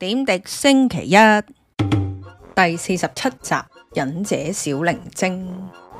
點滴星期一第四十七集《忍者小靈精》，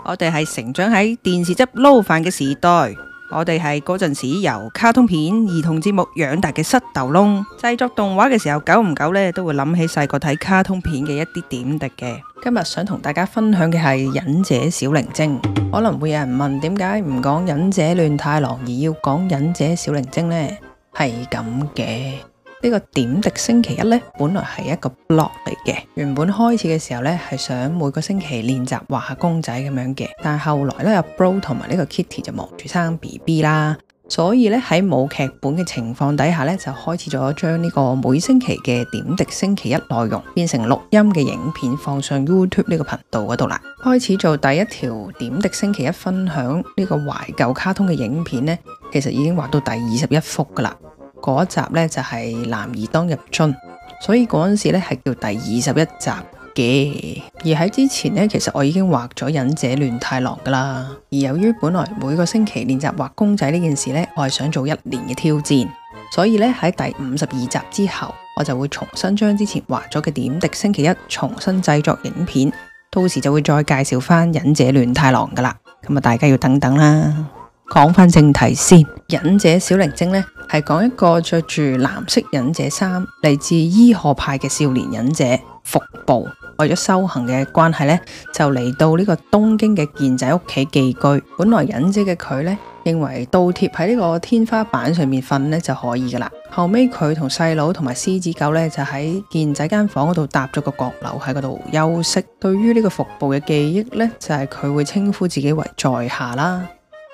我哋係成長喺電視汁撈飯嘅時代，我哋係嗰陣時由卡通片、兒童節目養大嘅膝頭窿。製作動畫嘅時候，久唔久呢都會諗起細個睇卡通片嘅一啲點滴嘅。今日想同大家分享嘅係《忍者小靈精》，可能會有人問，點解唔講《忍者亂太郎》而要講《忍者小靈精》呢？係咁嘅。呢個點滴星期一咧，本來係一個 blog 嚟嘅。原本開始嘅時候咧，係想每個星期練習畫下公仔咁樣嘅。但係後來咧，有、啊、Bro 同埋呢個 Kitty 就忙住生 BB 啦，所以咧喺冇劇本嘅情況底下咧，就開始咗將呢個每星期嘅點滴星期一內容變成錄音嘅影片，放上 YouTube 呢個頻道嗰度啦。開始做第一條點滴星期一分享呢個懷舊卡通嘅影片咧，其實已經畫到第二十一幅㗎喇。嗰一集呢就係男兒當入樽，所以嗰陣時呢係叫第二十一集嘅。而喺之前呢，其實我已經畫咗忍者亂太郎噶啦。而由於本來每個星期練習畫公仔呢件事呢，我係想做一年嘅挑戰，所以呢，喺第五十二集之後，我就會重新將之前畫咗嘅點滴星期一重新製作影片，到時就會再介紹翻忍者亂太郎噶啦。咁啊，大家要等等啦。講翻正題先，忍者小靈精呢。係講一個着住藍色忍者衫嚟自伊賀派嘅少年忍者服部，為咗修行嘅關係呢，就嚟到呢個東京嘅健仔屋企寄居。本來忍者嘅佢呢，認為倒貼喺呢個天花板上面瞓就可以噶啦。後尾佢同細佬同埋獅子狗咧就喺健仔間房嗰度搭咗個閣樓喺嗰度休息。對於呢個服部嘅記憶呢，就係佢會稱呼自己為在下啦。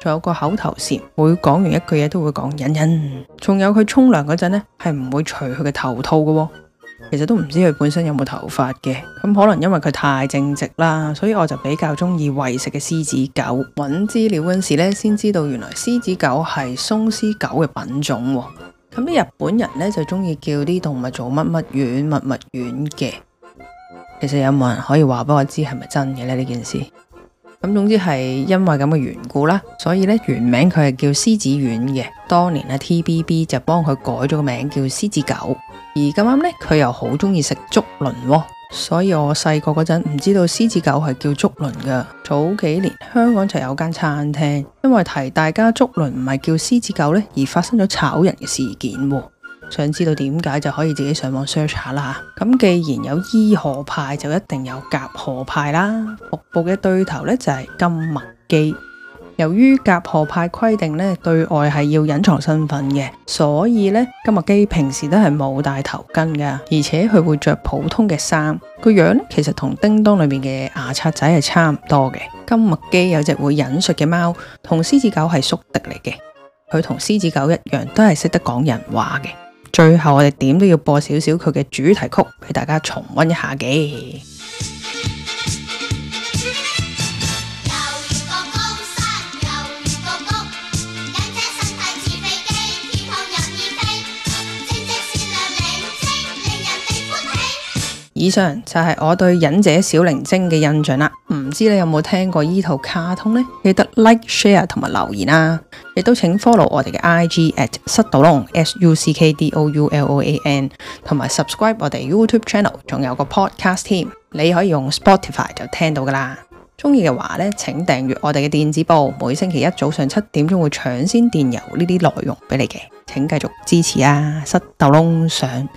仲有個口頭禪，每講完一句嘢，都會講忍忍。仲有佢沖涼嗰陣呢，係唔會除佢嘅頭套嘅。其實都唔知佢本身有冇頭髮嘅。咁可能因為佢太正直啦，所以我就比較中意餵食嘅獅子狗。搵資料嗰陣時咧，先知道原來獅子狗係鬆獅狗嘅品種。咁啲日本人呢，就中意叫啲動物做乜乜丸、乜乜丸嘅。其實有冇人可以話俾我知係咪真嘅呢？呢件事？咁總之係因為咁嘅緣故啦，所以咧，原名佢係叫獅子丸嘅，當年咧 TBB 就幫佢改咗個名叫獅子狗，而咁啱咧佢又好中意食竹輪，所以我細個嗰陣唔知道獅子狗係叫竹輪噶。早幾年香港就有間餐廳，因為提大家竹輪唔係叫獅子狗咧，而發生咗炒人嘅事件。想知道點解就可以自己上網 search 下啦。咁既然有伊賀派，就一定有甲賀派啦。服部嘅對頭呢，就係金麥基。由於甲賀派規定呢對外係要隱藏身份嘅，所以呢，金麥基平時都係冇戴頭巾㗎，而且佢會着普通嘅衫。個樣其實同叮當裏面嘅牙擦仔係差唔多嘅。金麥基有隻會忍術嘅貓，同獅子狗係宿敵嚟嘅。佢同獅子狗一樣都係識得講人話嘅。最後我哋點都要播少少佢嘅主題曲俾大家重温一下嘅。以上就係我對忍者小靈精嘅印象啦，唔知你有冇聽過呢套卡通呢？記得 like、share 同埋留言啊，亦都請 follow 我哋嘅 IG at 塞豆窿 s u c k d o u l o a n，同埋 subscribe 我哋 YouTube channel，仲有個 podcast 添，你可以用 Spotify 就聽到噶啦。中意嘅話咧，請訂閱我哋嘅電子報，每星期一早上七點鐘會搶先電郵呢啲內容俾你嘅，請繼續支持啊！塞豆窿上。